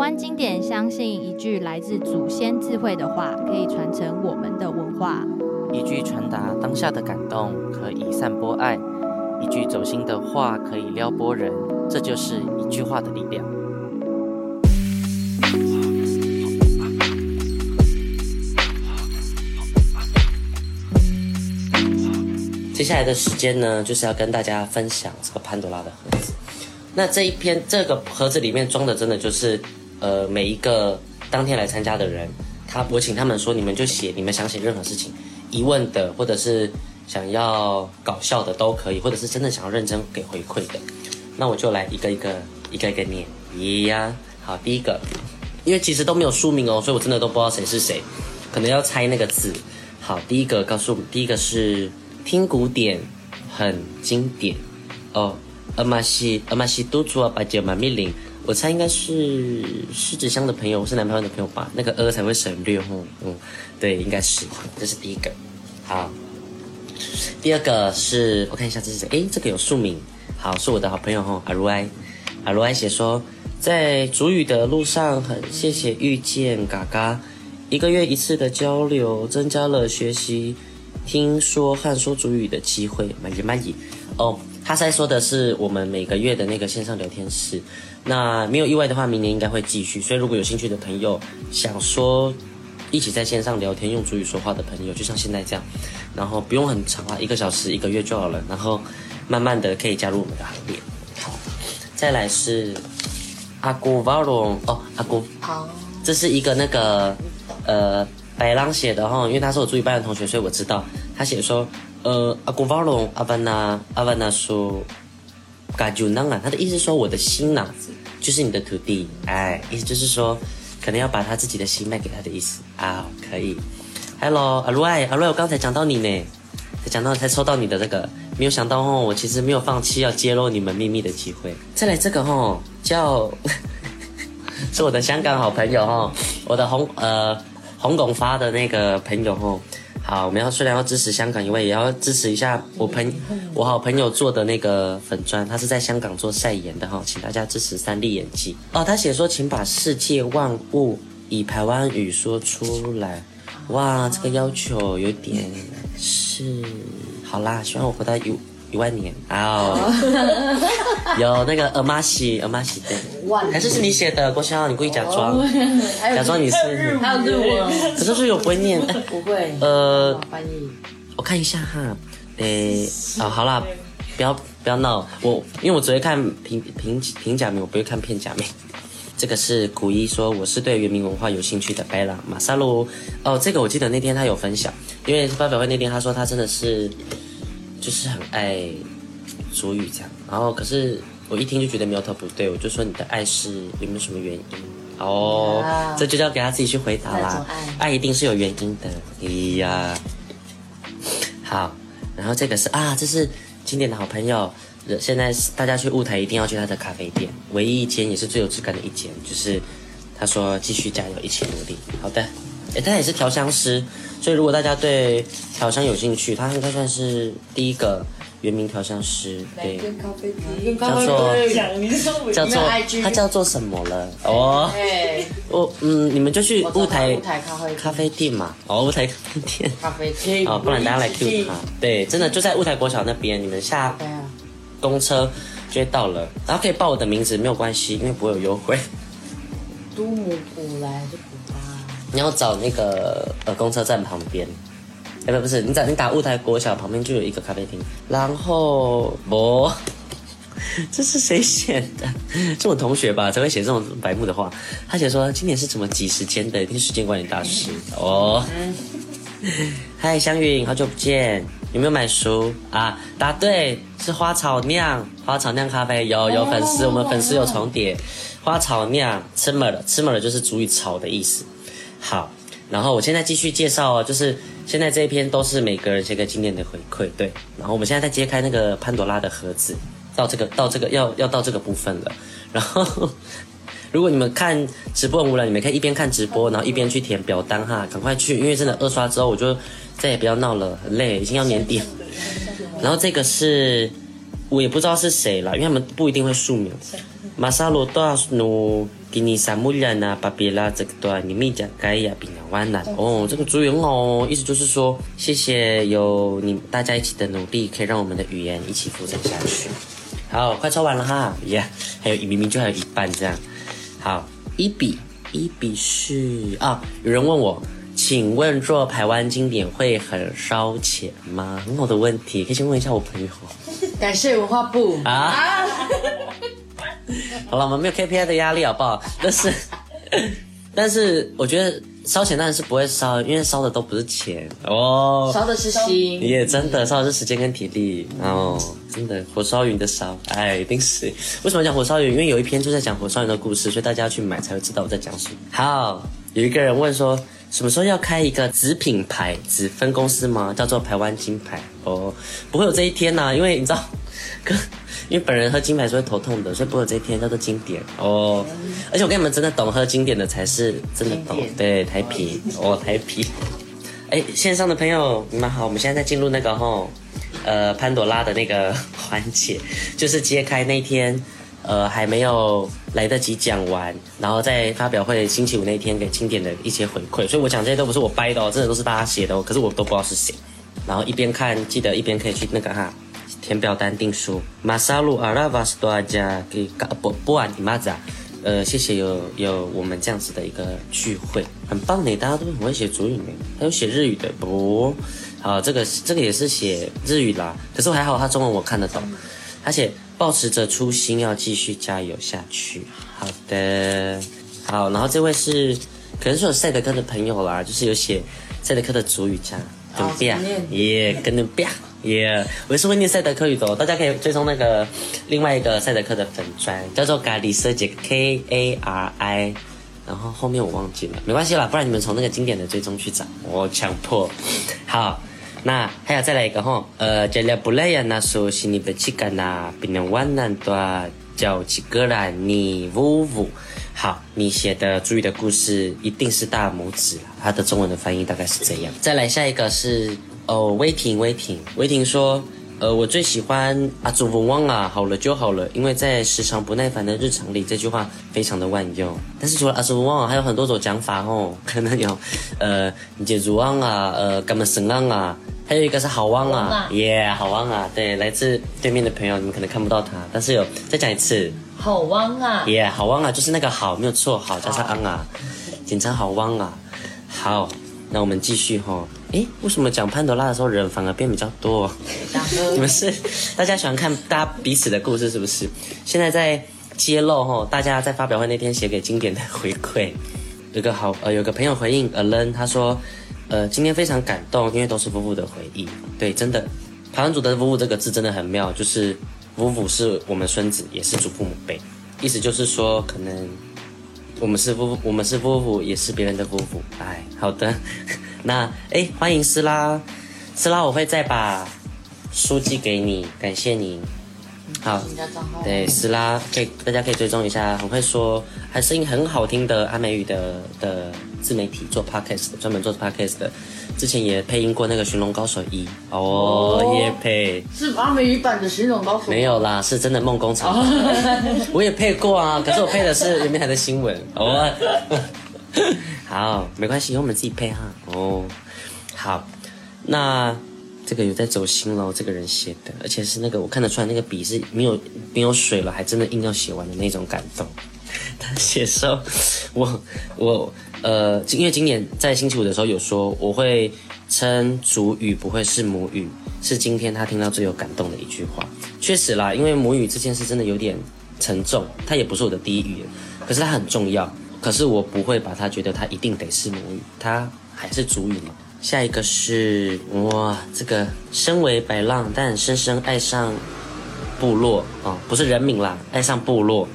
觀經典，相信一句來自祖先智慧的話，可以傳承我們的文化。一句傳達當下的感動，可以散播愛；一句走心的話，可以撩撥人。這就是一句話的力量。接下來的時間呢，就是要跟大家分享這個潘朵拉的盒子。那這一篇，這個盒子裡面裝的，真的就是。呃，每一個當天來參加的人，他我請他們說你們，你們就寫你們想寫任何事情，疑問的或者是想要搞笑的都可以，或者是真的想要認真給回饋的，那我就來一個一個一個一個念。咿呀，好，第一個，因為其實都沒有署名哦，所以我真的都不知道誰是誰，可能要猜那個字。好，第一個告訴我們，第一個是聽古典，很經典。哦、oh，阿瑪西，阿瑪西，嘟住阿巴阿瑪咪林。我猜應該是獅子鄉的朋友，是男朋友的朋友吧？那個呃，才會省略吼，嗯，對，應該是。這是第一個，好。第二個是，我看一下這是誰？哎、欸，這個有署名，好，是我的好朋友吼，阿如埃，阿如埃寫說，在族語的路上很謝謝遇見嘎嘎，一個月一次的交流，增加了學習聽說和說族語的機會，滿意滿意。哦，他在說的是我們每個月的那個線上聊天室。那沒有意外的話，明年應該會繼續。所以如果有興趣的朋友，想說一起在線上聊天用族語說話的朋友，就像現在這樣，然後不用很長啊，一個小時一個月就好了。然後慢慢的可以加入我們的行列。好，再來是阿、啊、古瓦龍哦，阿古，好，這是一個那個呃白浪寫的哈、哦，因為他是我族語班的同學，所以我知道他寫說呃阿、啊、古瓦龍阿巴那阿巴那說。噶就難他的意思是說我的心呢，就是你的土地，哎，意思就是說，可能要把他自己的心賣給他的意思啊，oh, 可以。Hello，阿瑞，阿瑞，我剛才講到你呢，才講到才抽到你的這個，沒有想到哦，我其實沒有放棄要揭露你們秘密的機會。再來這個哦，叫， 是我的香港好朋友哦，我的洪呃洪拱發的那個朋友哦。好，我們要雖然要支持香港，因為也要支持一下我朋我好朋友做的那個粉專，他是在香港做曬顏的哈，請大家支持三立演技哦。他寫說，請把世界萬物以台灣語說出來。哇，這個要求有點是好啦，希望我回答有。一萬年啊！Oh. 有那個阿瑪西，阿瑪西的，還是是你寫的？嗯、郭曉，你故意假裝、哦，假裝你是，是日文我可是我說有不會念，不會，呃，翻譯，我看一下哈，誒、欸，哦，好啦，不要不要鬧，我因為我只會看平平平假名，我不會看片假名。這個是古一說，我是對原民文化有興趣的白狼馬薩洛。哦、oh,，這個我記得那天他有分享，因為發表會那天他說他真的是。就是很愛主語這樣，然後可是我一聽就覺得苗頭不對，我就說你的愛是有沒有什麼原因哦？Oh, yeah. 這就叫給他自己去回答啦。愛，愛一定是有原因的。哎呀，好，然後這個是啊，這是經典的好朋友，現在大家去霧台一定要去他的咖啡店，唯一一間也是最有質感的一間，就是他說繼續加油，一起努力。好的。他、欸、也是調香師，所以如果大家對調香有興趣，他應該算是第一個原名調香師。對，叫做叫做他叫做什麼了？哦、oh, 對我嗯，你們就去霧 台咖啡咖啡店嘛。哦，霧台咖啡店。咖啡店。哦，oh, 不然大家來 Q 他。對，真的就在霧台國小那邊，你們下公車就會到了，啊，然後可以報我的名字，沒有關係，因為不會有優惠。都姆普來你要找那個呃，公車站旁邊，哎、欸、不不是，你找你打霧台國小旁邊就有一個咖啡廳。然後，不，這是誰寫的？是我同學吧？才會寫這種白目的話。他寫說今年是怎麼擠時間的？一定時間管理大師哦。嗨、oh. 嗯，香雲，好久不見，有沒有買書啊？答對，是花草釀，花草釀咖啡。有有粉絲，我們粉絲有重疊。花草釀，吃滿了，吃滿了就是煮與炒的意思。好，然後我現在繼續介紹啊，就是現在這一篇都是每個人寫個經典的回饋，對。然後我們現在在揭開那個潘朵拉的盒子，到這個到這個要要到這個部分了。然後如果你們看直播很無聊，你們可以一邊看直播，然後一邊去填表單哈，趕快去，因為真的二刷之後我就再也不要鬧了，很累，已經要年底了。然後這個是我也不知道是誰了，因為他們不一定會署名，馬薩羅多奴。比你薩穆里亞納巴比拉這個段你們講改呀比那完了哦，這個資源哦，意思就是說謝謝有你大家一起的努力，可以讓我們的語言一起復振下去。好，快抽完了哈，耶、yeah，還有一明明就還有一半這樣。好，一比一比是啊，有人問我，請問做排灣經典會很燒錢嗎？很好的問題，可以先問一下我朋友。感謝文化部啊。 好了，我們沒有 KPI 的壓力，好不好？但是，但是我覺得燒錢當然是不會燒，因為燒的都不是錢哦，燒的是心，也真的燒的是時間跟體力、嗯、哦，真的火燒雲的燒，哎，一定是為什麼講火燒雲？因為有一篇就在講火燒雲的故事，所以大家要去買才會知道我在講什麼。好，有一個人問說，什麼時候要開一個子品牌、子分公司嗎？叫做台灣金牌哦，不會有這一天吶、啊，因為你知道，哥。因為本人喝金牌是會頭痛的，所以不如這一天叫做經典哦、嗯。而且我跟你們真的懂喝經典的才是真的懂，天天對台啤哦台啤。哎，線上的朋友你們好，我們現在在進入那個吼、哦、呃潘朵拉的那個環節，就是揭開那一天呃還沒有來得及講完，然後在發表會星期五那天給經典的一些回饋。所以我講這些都不是我掰的哦，真的都是大家寫的哦，可是我都不知道是誰。然後一邊看記得一邊可以去那個哈。填表單訂書。馬薩路阿拉瓦斯多阿加給波不阿尼馬子，呃，謝謝有有我們這樣子的一個聚會，很棒呢，大家都很會寫主語呢，還有寫日語的不，好，這個這個也是寫日語啦，可是我還好，他中文我看得懂，他寫保持着初心，要繼續加油下去。好的，好，然後這位是可能是有賽德克的朋友啦，就是有寫賽德克的主語加、哦，跟不啊，也、yeah, 跟不啊。耶、yeah,，我是溫尼賽德克語的哦，大家可以追蹤那個另外一個賽德克的粉專，叫做咖喱設計 K A R I，然後後面我忘記了，沒關係啦，不然你們從那個經典的追蹤去找。我強迫。好，那還有再來一個吼，呃，Jalebuaya 那首心 a 邊 a 干吶，不能往南端叫起歌來，你嗚嗚。好，你寫的注意的故事一定是大拇指，它的中文的翻譯大概是這樣。再來下一個是。哦，Waiting，Waiting，Waiting 說，呃，我最喜歡阿、啊、祖王啊，好了就好了，因為在時常不耐煩的日常裡，這句話非常的萬用。但是除了阿、啊、祖王、啊，還有很多種講法哦，可能有，呃，你傑祖王啊，呃，甘麼神王啊，還有一個是好王啊，耶、啊，yeah, 好王啊，對，來自對面的朋友，你們可能看不到他，但是有，再講一次，好王啊，耶、yeah,，好王啊，就是那個好，沒有錯，好加上昂啊，簡稱好王啊，好，那我們繼續哈、哦。誒，為什麼講潘朵拉的時候人反而變比較多？ 你們是大家喜歡看大家彼此的故事是不是？現在在揭露哈，大家在發表會那天寫給經典的回饋。有個好呃，有個朋友回應 Alan，他說呃今天非常感動，因為都是夫婦的回憶。對，真的，台灣組的夫婦這個字真的很妙，就是夫婦是我們孫子，也是祖父母輩，意思就是說可能我們是夫婦我們是夫婦，也是別人的夫婦。哎，好的。那哎，歡迎斯拉，斯拉，我會再把書寄給你，感謝你。嗯、好你，對，斯拉可以，大家可以追蹤一下，很會說，還聲音很好聽的阿美語的的自媒體，做 podcast，專門做 podcast 的，之前也配音過那個《馴龍高手一》哦，也、oh, 配、oh, yeah, 是阿美語版的《馴龍高手》，沒有啦，是真的夢工廠。Oh. 我也配過啊，可是我配的是裡面還在新聞哦。Oh. 好，沒關係，由我們自己配哈、啊。哦、oh，好，那這個有在走心嘍，這個人寫的，而且是那個我看得出來，那個筆是沒有沒有水了，還真的硬要寫完的那種感動。他寫的時候，我我呃，因為今年在星期五的時候有說我會稱族語，不會是母語，是今天他聽到最有感動的一句話。確實啦，因為母語這件事真的有點沉重，它也不是我的第一語言，可是它很重要，可是我不會把它覺得它一定得是母語，它。還是主語嗎？下一個是哇，這個身為白浪，但深深愛上部落啊、哦，不是人民啦，愛上部落，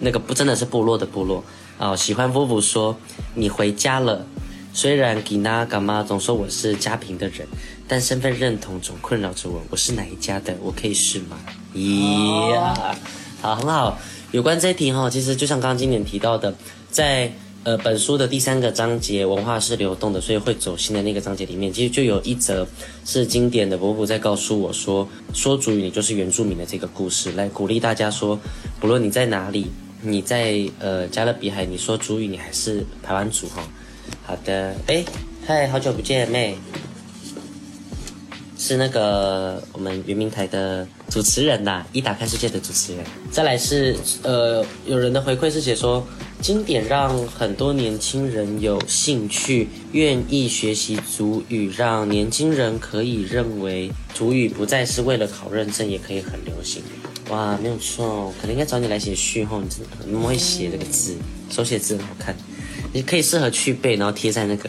那個不真的是部落的部落啊、哦。喜歡 Vuvu 說你回家了，雖然 Gina Gama 總說我是家貧的人，但身份認同總困擾着我，我是哪一家的？我可以試嗎？咦、yeah. 呀、oh.，好，很好。有關這題哈、哦，其實就像剛剛經典提到的，在。呃，本書的第三個章節，文化是流動的，所以會走心的那個章節裡面，其實就有一則是經典的伯父在告訴我說，說族語你就是原住民的這個故事，來鼓勵大家說，不論你在哪裡，你在呃加勒比海，你說族語你還是排灣族吼。好的。哎、欸，嗨，好久不見，妹，是那個我們原民台的主持人吶、啊，一打開世界的主持人。再來是呃，有人的回饋是寫說。經典讓很多年輕人有興趣，願意學習族語，讓年輕人可以認為族語不再是為了考認證，也可以很流行。哇，沒有錯，可能應該找你來寫序號，你真的很會寫這個字，手寫字很好看。你可以適合去背，然後貼在那個，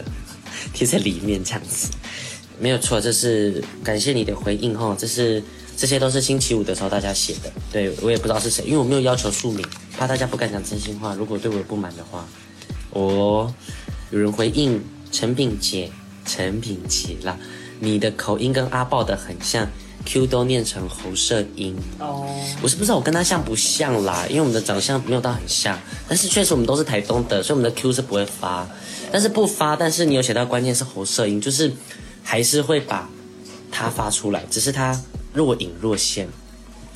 貼在裡面這樣子。沒有錯，這是感謝你的回應哈，這是。這些都是星期五的時候大家寫的，對我也不知道是誰，因為我沒有要求署名，怕大家不敢講真心話。如果對我有不滿的話，我、哦、有人回應陳品姐、陳品杰啦，你的口音跟阿爆的很像，Q 都念成喉塞音。哦，我是不是我跟他像不像啦？因為我們的長相沒有到很像，但是確實我們都是台東的，所以我們的 Q 是不會發，但是不發，但是你有寫到，關鍵是喉塞音，就是還是會把它發出來，只是它。若隱若現，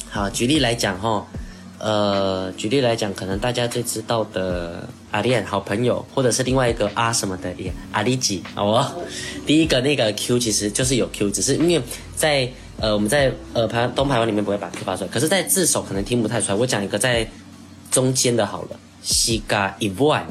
好，舉例來講哈、哦，呃，舉例來講，可能大家最知道的阿練好朋友，或者是另外一個阿什麼的阿利吉，好、嗯、不？第一個那個 Q 其實就是有 Q，只是因為在呃我們在呃排灣東排灣裡面不會把 Q 發出來，可是在字首可能聽不太出來。我講一個在中間的，好了，西嘎。一 m a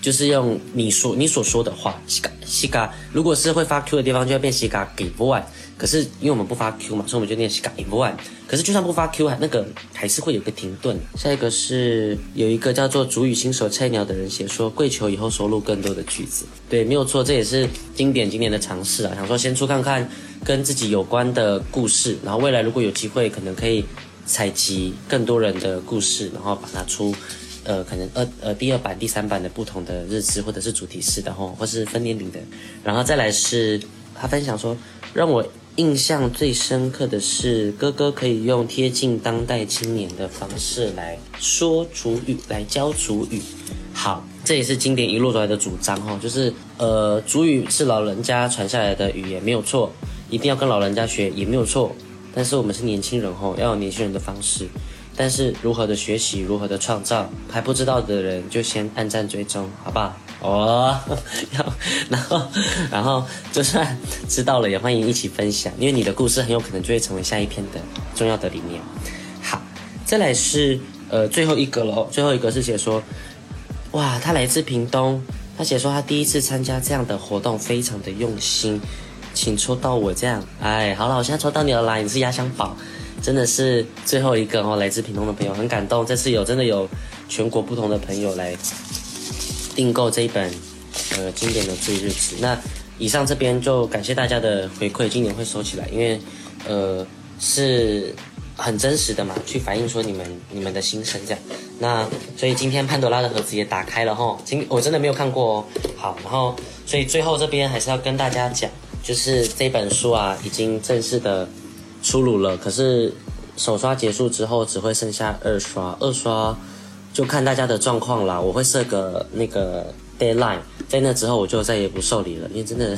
就是用你說你所說的話，西嘎西嘎。如果是會發 Q 的地方，就要變西嘎給不完。可是因為我們不發 Q 嘛，所以我們就念西嘎給不完。可是就算不發 Q 啊，那個還是會有個停頓。下一個是有一個叫做“主語新手菜鳥”的人寫說：“跪求以後收錄更多的句子。”對，沒有錯，這也是經典經典的嘗試啊。想說先出看看跟自己有關的故事，然後未來如果有機會，可能可以採集更多人的故事，然後把它出。呃，可能二呃第二版、第三版的不同的日誌，或者是主題式的吼，或是分年齡的，然後再來是他分享說，讓我印象最深刻的是哥哥可以用貼近當代青年的方式來說主語，來教主語。好，這也是經典一路走來的主張吼，就是呃，主語是老人家傳下來的語言沒有錯，一定要跟老人家學也沒有錯，但是我們是年輕人吼，要有年輕人的方式。但是如何的學習，如何的創造還不知道的人，就先按贊追蹤，好不好？哦、oh, 然後，然後就算知道了也歡迎一起分享，因為你的故事很有可能就會成為下一篇的重要的理念。好，再來是呃最後一個嘍，最後一個是寫說，哇，他來自屏東，他寫說他第一次參加這樣的活動，非常的用心，請抽到我這樣，哎，好了，我現在抽到你了啦，你是壓箱寶。真的是最後一個哦，來自屏東的朋友很感動。這次有真的有全國不同的朋友來訂購這一本呃經典的追日子。那以上這邊就感謝大家的回饋，今年會收起來，因為呃是很真實的嘛，去反映說你們你們的心聲這樣。那所以今天潘朵拉的盒子也打開了吼，今我真的沒有看過哦。好，然後所以最後這邊還是要跟大家講，就是這本書啊已經正式的。出爐了，可是首刷結束之後只會剩下二刷，二刷就看大家的狀況啦。我會設個那個 deadline，在那之後我就再也不受理了，因為真的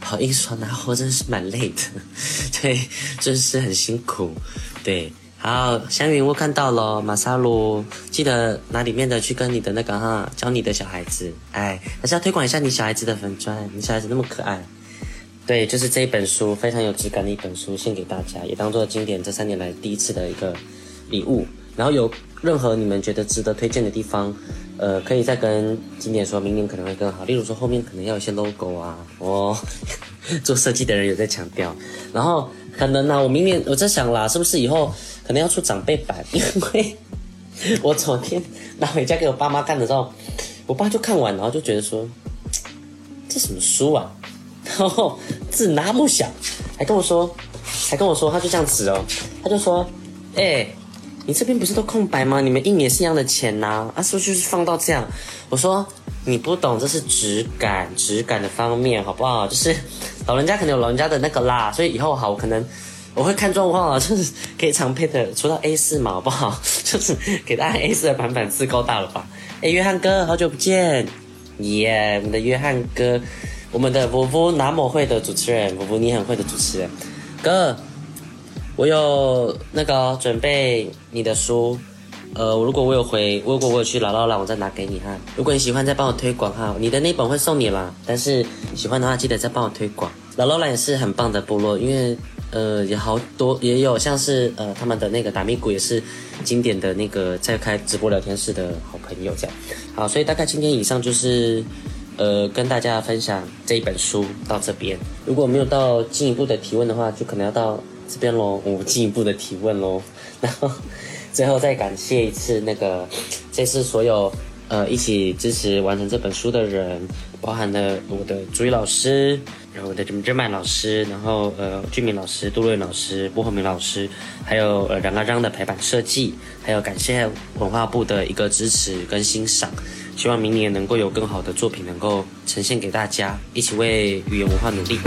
跑一刷拿、啊、貨真的是蠻累的， 對，真、就是很辛苦。對，好，香雲我看到了，馬莎羅記得拿裡面的去跟你的那個哈、啊、教你的小孩子，哎，還是要推廣一下你小孩子的粉專，你小孩子那麼可愛。對，就是這一本書，非常有質感的一本書，獻給大家，也當做經典這三年來第一次的一個禮物。然後有任何你們覺得值得推薦的地方，呃，可以再跟經典說，明年可能會更好。例如說後面可能要有一些 logo 啊，哦，做設計的人有在強調。然後可能呢、啊，我明年我在想啦，是不是以後可能要出長輩版？因為我昨天拿回家給我爸媽看的時候，我爸就看完，然後就覺得說，這什麼書啊？哦，字那麼小，還跟我說，還跟我說，他就這樣子哦。他就說，哎、欸，你這邊不是都空白嗎？你們印也是一樣的錢吶、啊。啊是不是就是放到這樣。我說，你不懂，這是質感，質感的方面，好不好？就是老人家可能有老人家的那個啦，所以以後好，我可能我會看狀況、啊、就是可以常配的，出到 A4 嘛，好不好？就是給大家 A4 的版本，字夠大了吧？哎、欸，約翰哥，好久不見，耶，我們的約翰哥。我們的五五那麼會的主持人，五五你很會的主持人，哥，我有那個、哦、準備你的書，呃，如果我有回，如果我有去姥姥蘭，我再拿給你哈。如果你喜歡，再幫我推廣哈。你的那本會送你啦。但是喜歡的話，記得再幫我推廣。姥姥蘭也是很棒的部落，因為呃，也好多也有像是呃他們的那個達米谷也是經典的那個在開直播聊天室的好朋友這樣。好，所以大概今天以上就是。呃，跟大家分享這一本書到這邊。如果沒有到進一步的提問的話，就可能要到這邊嘍。我、嗯、們進一步的提問嘍。然後最後再感謝一次那個這次所有呃一起支持完成這本書的人，包含了我的主語老師，然後我的鄭志賣老師，然後呃俊明老師、杜瑞老師、郭浩明老師，還有呃楊阿章的排版設計，還有感謝文化部的一個支持跟欣賞。希望明年能夠有更好的作品能夠呈現給大家，一起為語言文化努力。